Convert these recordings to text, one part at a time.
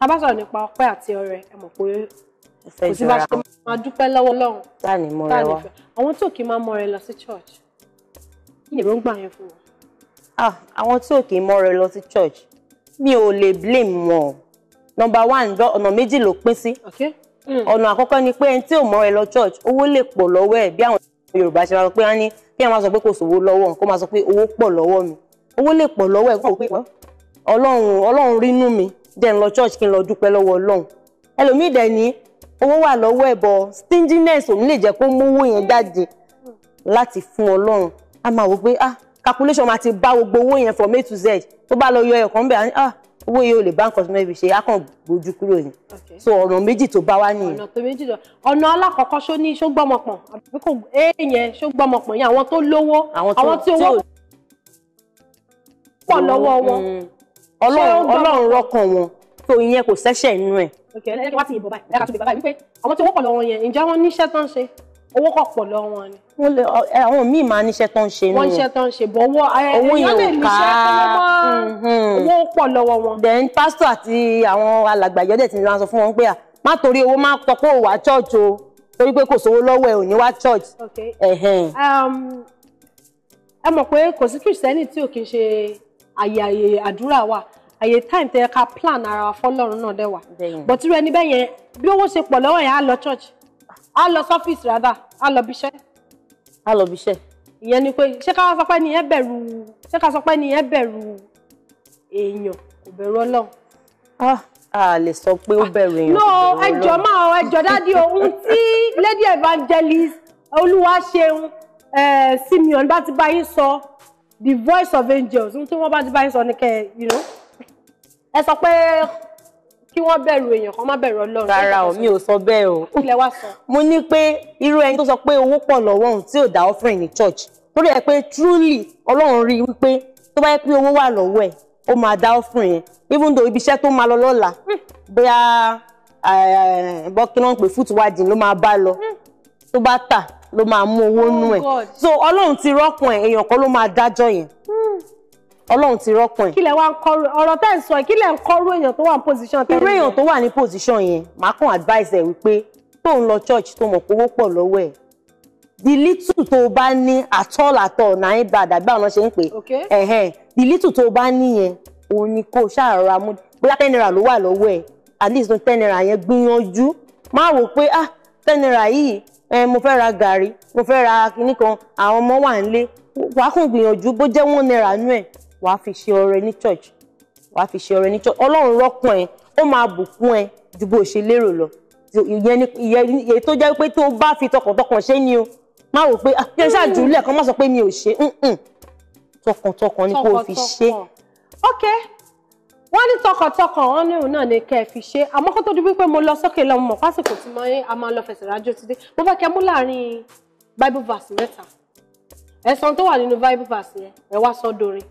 tá a bá sọ̀rọ̀ nípa ọpẹ́ àti ọrẹ ẹ mọ̀ pé kò sí bá ṣe máa dúpẹ́ lọ́wọ́ Ọlọ́run tá mọ rẹ wá àwọn tí ò máa mọ rẹ lọ sí church kí ni èròǹgbà yẹn fún wọn. ah àwọn tí ò kí mọ rẹ lọ sí church mi ò lè blame wọn number one ọ̀nà méjì ló pín sí mm. ọ̀nà àkọ́kọ́ ni pé ẹni tí ò mọ rẹ lọ church owó lè pọ̀ lọ́wọ́ ẹ̀ bí àwọn Yorùbá ṣe máa sọ pé wọ́n ní kí ẹ máa sọ pé kò sówó lọ́wọ́ kó máa sọ pé owó pọ̀ lọ́wọ́ mi owó lè pọ̀ lọ́wọ́ ẹ̀ kó Ọlọ́run Ọlọ́run rínú mi dẹ̀ ń lọ church kí n lọ dúpẹ́ lọ́wọ́ ọlọ́run ẹlòmíì dẹ̀ ní owó wà lọ́wọ́ stinginess òun lè jẹ́ kó mówó yẹn jáde láti fún ọlọ́run a máa wò pé ah calculation máa ti bá gbogbo owó yẹn from a to z tó bá lọ yọ ẹ̀kan bẹ́ẹ̀ ah owó yìí ò lè bá nǹkan tó mẹ́bi ṣe á gbójú kúrò ni so ọ̀nà méjì tó bá wá nìyẹn. ọ̀nà tó méjì tó ọ̀nà alákọ̀ọ́kọ́ ṣó ní ṣó gbọ́mọpọ̀n àbí kò èèyàn ṣó gbọ́mọpọ̀n yẹn àwọn tó lówó àwọn tí owó pọ̀ lọ́wọ́ wọn mm. Ọlọ́run rọ́kàn wọn tó ìyẹn kò sẹ́sẹ̀ inú ẹ̀. ok ẹ wá ti yìnbọn báyìí ẹ kà tó bèbá báyìí wípé àwọn tí owó pọ̀ lọ́wọ́ yẹn ǹjẹ́ wọ́n níṣẹ́ tó ń ṣe owó kọ̀ pọ̀ lọ́wọ́ wọn ni. wọ́n lè àwọn míì máa níṣẹ́ tó ń ṣe nù. wọ́n níṣẹ́ tó ń ṣe bọ̀ owó owó yẹn ò ká mm-hmm. owó pọ̀ lọ́wọ́ wọn. then pásítọ̀ àti àwọn alàgbà torí pé kò sówó lọ́wọ́ ẹ̀ ò ní wá church. Um, ẹ mọ̀ pé kò sí kìrìsìtẹ́nì tí ò kì í ṣe àyè àyè àdúrà wà àyè time tẹ ká plan ara wa fọ́lọ́run náà dẹ wà but irú ẹni bẹ́ẹ̀ yẹn bí owó ṣe pọ̀ lọ́wọ́ yẹn á lọ church á lọ sọ́fíìsì rather á lọ bíṣẹ́. á lọ bíṣẹ́. ìyẹn ni pé ṣé ká sọ pé nìyẹn bẹ̀rù ṣé ká sọ pé nìyẹn bẹ̀rù èèyàn kò bẹ̀rù Ọlọ́run. Ah, a lè sọ pé ó bẹ̀rù èèyàn kò bẹ̀rù Ọlọ́run. no ẹjọ máa ẹjọ dádì ohun tí lady evangelist olúwa ṣeun eh, simeon bá ti bá sọ the voice of angels ohun tí wọ́n bá ti bá yín sọ ni kẹ́ you know ẹ sọ pé kí wọ́n bẹ̀rù èèyàn kan má bẹ̀rù ọlọ́run. rárá o mi ò sọ bẹ́ẹ̀ o. ilẹ̀ wa sọ. mo ní pé irú ẹni tó sọ pé owó pọ̀ lọ́wọ́ òun tí ò dá offering ní church torí ẹ pé truly ọlọ́run rí i wípé tó bá yẹ pé owó wà lọ́wọ́ ẹ̀ ó máa dá offering yẹn even though ibi iṣẹ́ tó máa lọ lọ́la bóyá eh, eh, bọ́kí náà ń pè foot wajin ló máa bá lọ hmm. tó bá tà ló máa mú owó nú oh ẹ̀ so ọlọ́run ti rọ́pọ̀ ẹ̀ èèyàn kan ló máa dájọ́ yẹn hmm. ọlọ́run ti rọ́pọ̀ ẹ̀. kílẹ̀ wá ń kọrú ọ̀rọ̀ tẹ́ ń sọ kí lẹ̀ ń kọrú èèyàn tó wà ní pòsíṣàn tẹ́lẹ̀. irú èèyàn tó wà ní pòsíṣàn yẹn màá kàn advice ẹ̀ wípé tó ń lọ church tó mọ̀ pówó pọ̀ lọ́wọ́ ẹ̀ the little tó o bá ní at all at all náà ibà àdàgbà ọ̀nà ṣe ń pè é the little tó o bá ní yẹn òun ni kó o ṣàrọ̀ra mú bóyá ten naira ló wà lọ́wọ́ ẹ̀ at least ten naira yẹn gbìyànjú má wò pé ah ten naira yìí Eh, mo fẹ́ ra gàrí mo fẹ́ ra kinní kan àwọn ọmọ wà nílé wàá kàn gbìyànjú bó jẹ́ wọ́n náírà nú ẹ̀ wàá fi ṣe ọrẹ ní church wàá fi ṣe ọrẹ ní church ọlọ́run rọ́kùn ẹ̀ ó máa bùkún ẹ̀ ju bó ṣe lérò lọ ìyẹn ni ìyẹn tó jẹ́ pé tó bá fi tọkàntọkàn ṣe ni o má wò pé ah, kí ṣáà jùlẹ̀ kan má sọ pé mi ò ṣe tọkàntọkàn ni kò fi ṣe. okay wọ́n ní tọkàntọkàn wọn ní òun náà ni kẹ́ ẹ fi ṣe àmọ́ kó tó di wípé mo lọ sókè lọ mọ̀ pásìkò tí mo ní a máa lọ fẹsẹ̀ rájò ti mo fẹ́ kẹ́ mú láàrin bible verse mẹ́ta ẹ̀sán tó wà nínú bible verse yẹn ẹ wá sọ dòrin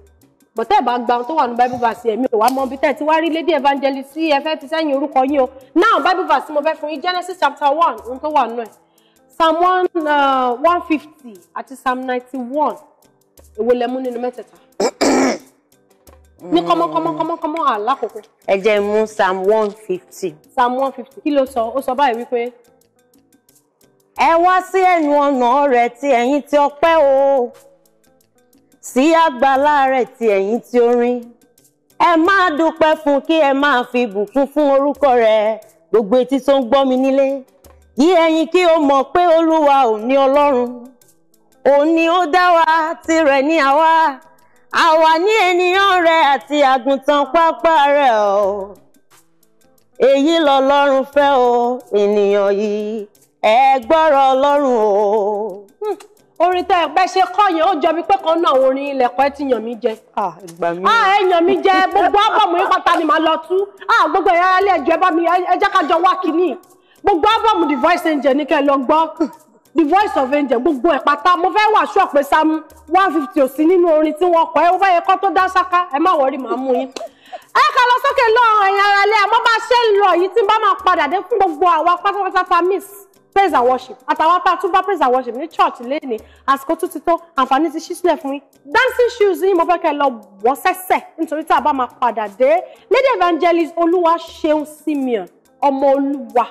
bọ̀tẹ́ ìbá gba ohun tó wà nínú bible verse yẹn mi ò wá mọ bí tẹ́ wá rí lady evangelist tí ẹ fẹ́ fi sẹ́yìn orúkọ yín o now bible verse mo fẹ́ fún yín genesis chapter one ohun tó wà nínú ẹ̀ psalm one uh, fifty àti psalm ninety one èwo lẹ mú nínú mẹ́tẹ̀ẹ̀ta ní kọ́mọ́kọ́mọ́kọ́mọ́ àlákòókò. ẹ jẹ́ mú psalm one fifty. psalm one fifty kí ló sọ ó sọ báyìí wípé. ẹ wá sí ẹnu ọ̀nà rẹ̀ ti ẹ̀yin tí ọpẹ́ o sí àgbàlá rẹ̀ ti ẹ̀yin tí orin ẹ máa dúpẹ́ fún kí ẹ máa fi bùkún fún orúkọ rẹ̀ gbogbo etí tó ń gbọ́ mi nílé yí ẹ̀yin kí o mọ̀ pé olúwa ò ní ọlọ́run òun ni ó dá wa tirẹ̀ ni àwa àwa ní ènìyàn rẹ àti àgùntàn pápá rẹ o èyí lọ́lọ́run fẹ́ o ènìyàn yìí ẹ gbọ́rọ̀ Ọlọ́run o. Hmm. orin tẹ ẹ pẹ ṣe kọ yẹn ó jọ mi pé kan náà orin ilẹ̀kọ́ ẹ ti yàn mí jẹ. ẹ yàn mí jẹ gbogbo ábọ̀mù yín pátá ni màá lọ tú gbogbo ẹ̀yà ilé ẹ̀jọ̀ ẹ bá mi ẹ jẹ́ ká jọ wá kínní gbogbo ábọ̀mù the voice angel ni kẹ́ ẹ lọ gbọ́ the voice of angel gbogbo ẹ̀ pátá mo fẹ́ wàásù ọ̀pẹ sámú one fifty ò sí nínú orin tí wọ́n kọ ẹ ó bá yẹ kọ́ tó dá ṣáká ẹ má wọrí màá mú yín. ẹ ká lọ sókè lọ ẹ̀yin ara lẹ àmọ́ bá ṣe ń lọ yìí tí bá máa padà dé fún gbogbo àwa pátápátá ta miss praise and worship àtàwọn apá àtúbá praise and worship ní church lẹ́ni àsìkò tó ti tó àǹfààní ti ṣí sílẹ̀ fún yín dancing shoes yín mo fẹ́ kẹ́ lọ wọ́ sẹ́sẹ̀ nítorí tá a bá máa padà dé lady evangelist olúwa ṣeun simeon ọmọ olúwa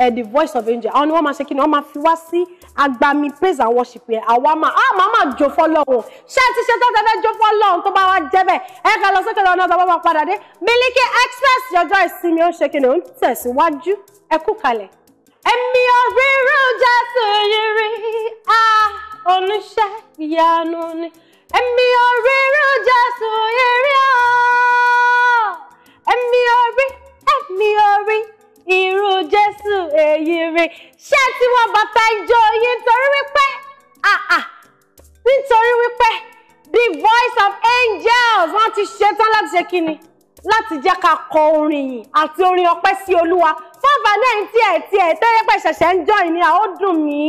eh, the voice of angel àwọn ni wọ́n máa ṣe kí ni wọ́n máa fi wá sí agbami praise and worship yẹn àwa máa ah màá máa jó fọlọ́run ṣé ti ṣe tọ́tẹ́ fẹ́ jó fọlọ́run tó bá wá jẹ́ bẹ́ẹ̀ ẹ ká lọ sókè lọ́nà tó bá wà padà dé Miliki Express ọjọ́ ìsinmi ó ń ṣe kí ni ó ń tẹ̀síwájú ẹ kú kalẹ̀. èmi ò rí rújà tó yí rí a oníṣẹ́ ìyanu ni èmi ò rí rújà tó a èmi ò rí èmi irú èyí rè ṣé tí wọ́n bàtà ìjọ yìí nítorí wípé nítorí wípé the voice of angels wọ́n ti ṣetán láti ṣe kíni láti jẹ́ ká kọ orin yìí àti orin ọpẹ́ sí olúwa fún àǹfààní ẹ̀yin tí ẹ̀ tí ẹ̀ tẹ́lẹ̀ pẹ̀ ṣẹ̀ṣẹ̀ ń jọ ìnira ó dùn mí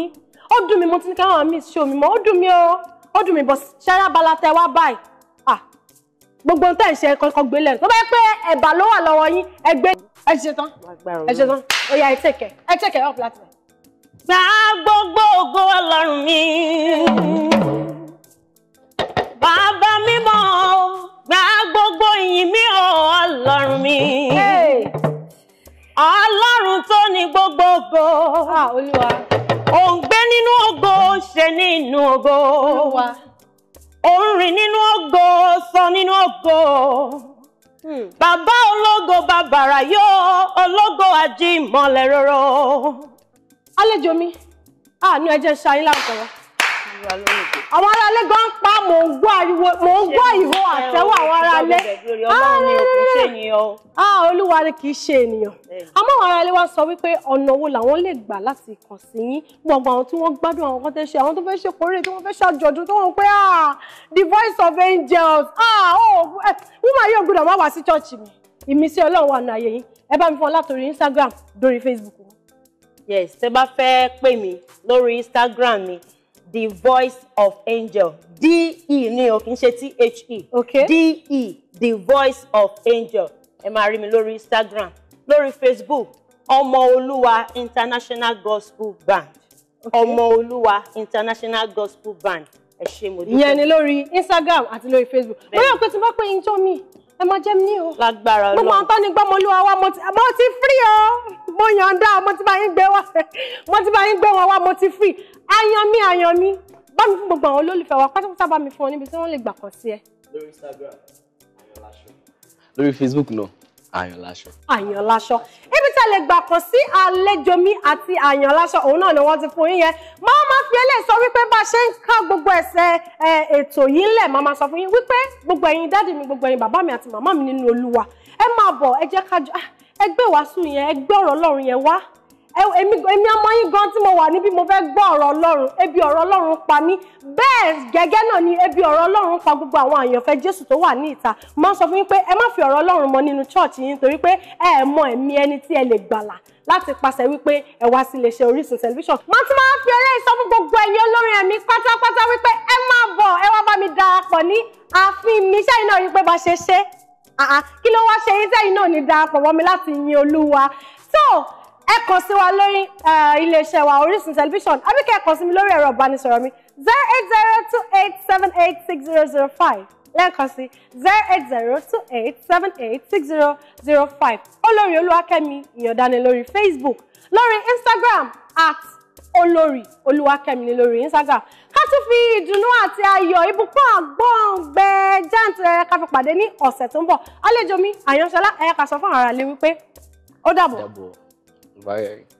ó dùn mí mo ti ní káwọn mi ṣe omi mọ́ ó dùn mí o ó dùn mí bọ̀ ṣẹ́rá bala tẹ wá báyìí gbogbo ohun tẹ́ ń ṣe kọ́kọ́ gbélé tó bá yẹ pé ẹ̀bà ló wà lọ́wọ́ yín ẹgbẹ́ ẹ ti ṣe tán ẹ ṣe tán ó yá ẹ tẹ̀kẹ̀ ẹ tẹ̀kẹ̀ up láti rẹ̀. gba gbogbo ògo ọlọ́run mi bàbá mímọ́ gba gbogbo ìyìn mi ò ọlọ́run mi ọlọ́run tó ní gbogbo ògo òun gbé nínú ògo ṣe nínú ògo òun rìn nínú ògo sọ nínú ògo. Hmm. Baba ológo babara yo ológo ajímọ̀lẹ̀ rọrọ. àlejò mi àánú ẹjẹ ṣayín láǹkọrọ àwọn aráalé gan pa mò ń gbọ́ ariwo mò ń gbọ́ ìhó àtẹ́wọ́ àwọn aráalé. Ah, ah olúwa ni kì í ṣe ènìyàn àmọ́ àwọn aráalé wa sọ wípé ọ̀nà wo làwọn lè gbà láti kàn sí yín gbogbo àwọn tí wọ́n gbádùn àwọn kan tẹ́ ṣe àwọn tó fẹ́ ṣe kórè tí wọ́n fẹ́ ṣàjọ̀dún tó wọ́n pé ah the voice of angels ah oh eh, woman yóò gbọdọ̀ má wá sí chọ́ọ̀chì mi ìmísí ọlọ́run wà nù ayé yín ẹ bá mi fọ látòrí Instagram dórí Facebook. yes tẹ bá fẹ́ pè mí lórí Instagram mi the voice of angel de ni o kì í ṣe the okay. de the voice of angel ẹ máa rí mi lórí instagram lórí facebook ọmọ olúwa international gospel band ọmọ okay. olúwa international gospel band ẹ ṣe mo dúpẹ́. ìyẹn ni lórí instagram àti lórí facebook bóyá pé tí wọ́n pé ìjọ mi ẹ máa jẹ́ mi ní o. lágbára lọ mo máa ń tán ní gbọ́mọlúwa wá mo ti free o mo yànda mo ti bá yín gbé wá mo ti bá yín gbé wọn wá mo ti free ayan mi ayan mi bá mi fún gbogbo àwọn olólùfẹ́ wa pátápátá bá mi fún ọ níbi tí wọ́n lè gbà kàn sí ẹ. lórí Instagram lórí Facebook náà. No. Àyànláṣọ. Àyànláṣọ. Ibi tá a lè gbà kàn sí àlejòmí àti Àyànláṣọ òun náà ni wọ́n ti fún yín yẹn. Màá máa fi eléyìí sọ wípé bá a ṣe ń ká gbogbo ẹsẹ̀ ètò yìí ńlẹ̀ màá máa sọ fún yín wípé gbogbo ẹ̀yin dáàdì mi gbogbo ẹ̀yin bàbá mi àti màmá mi nínú Olúwa. Ẹ máa bọ̀ ẹ jẹ́ ká jọ ah, ẹgbẹ́ wàásù yẹn ẹgbẹ́ ọ̀rọ̀ Ọlọ́run yẹn wá èmi èmi ọmọ yín gan tí mo wà níbi mo fẹ́ gbọ́ ọ̀rọ̀ ọlọ́run ebi ọ̀rọ̀ ọlọ́run pa mí bẹ́ẹ̀ gẹ́gẹ́ náà ni ebi ọ̀rọ̀ ọlọ́run pa gbogbo àwọn àyànfẹ́ jésù tó wà ní ìta mo máa ń sọ fún yín pé ẹ má fi ọ̀rọ̀ ọlọ́run mọ nínú church yín torí pé ẹ mọ ẹ̀mí ẹni tí ẹ lè gbàlà láti pàṣẹ wípé ẹ wá sí iléeṣẹ́ Orísun tẹlifíṣàn máa tún máa ń fi eré ìsọ fún gbogbo ẹ̀yin olórin ẹ̀mí pátápátá wípé ẹ máa bọ̀ ẹ wá bá mi darapọ̀ ní ààfin mi sẹ́yìn náà rí pé bá ṣe ṣe kí ló wá ṣe yín sẹ́yìn náà ní darapọ̀ mọ́ mi láti yin olúwa tó ẹ kàn sí wa lórí iléeṣẹ́ wa Orísun tẹlifíṣàn àbí kẹ́ ẹ kàn sí mi lórí ẹ̀rọ ìbánisọ̀rọ̀ mi zero eight zero two eight seven eight six zero zero five lẹ́ẹ̀kan sí zero eight zero two eight seven eight six zero zero five olórí olúwakẹ́mi ìyàndani lórí Facebook lórí Instagram at olórí olúwakẹ́mi ni lórí Instagram ká tún fi ìdùnnú àti ayọ̀ ibùkún àgbọ̀ǹgbẹ jáǹtìrẹrẹ ká fi pàdé ní ọ̀sẹ̀ tó ń bọ̀ àlejò mi Àyànṣọlá ẹ̀ka sọ fún ara lè wípé ó dàbọ̀. vai